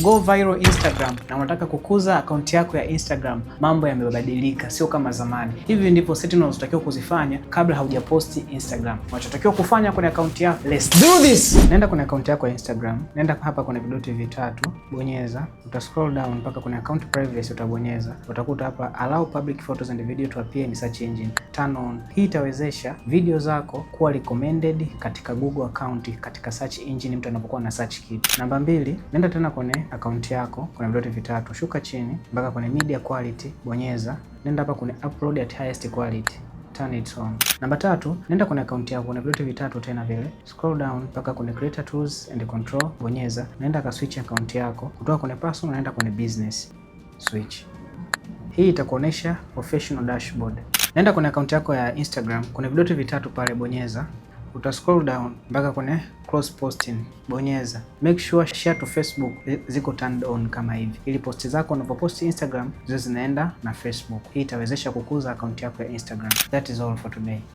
Go viral Instagram na unataka kukuza akaunti yako ya Instagram, mambo yamebadilika, sio kama zamani. Hivi ndipo settings unazotakiwa kuzifanya kabla haujaposti Instagram. Unachotakiwa kufanya kwenye akaunti yako, let's do this. Nenda kwenye akaunti yako ya Instagram, nenda hapa kwenye vidoti vitatu, bonyeza, uta scroll down mpaka kwenye account privacy, utabonyeza, utakuta hapa allow public photos and video to appear in search engine, turn on. Hii itawezesha video zako kuwa recommended katika Google account, katika search engine mtu anapokuwa na search kitu. Namba mbili, nenda tena kwenye kwenye akaunti yako, kuna vidoti vitatu, shuka chini mpaka kwenye media quality, bonyeza, nenda hapa kwenye upload at highest quality turn it on. Namba tatu, nenda kwenye akaunti yako, kuna vidoti vitatu tena vile, scroll down mpaka kwenye creator tools and control, bonyeza, nenda ka switch account yako kutoka kwenye personal, nenda kwenye business switch. Hii itakuonesha professional dashboard. Nenda kwenye akaunti yako ya Instagram, kuna vidoti vitatu pale, bonyeza uta scroll down mpaka kwenye cross posting, bonyeza. Make sure share to Facebook ziko turned on kama hivi, ili posti zako unapoposti Instagram ziwe zinaenda na Facebook. Hii itawezesha kukuza akaunti yako ya Instagram. That is all for today.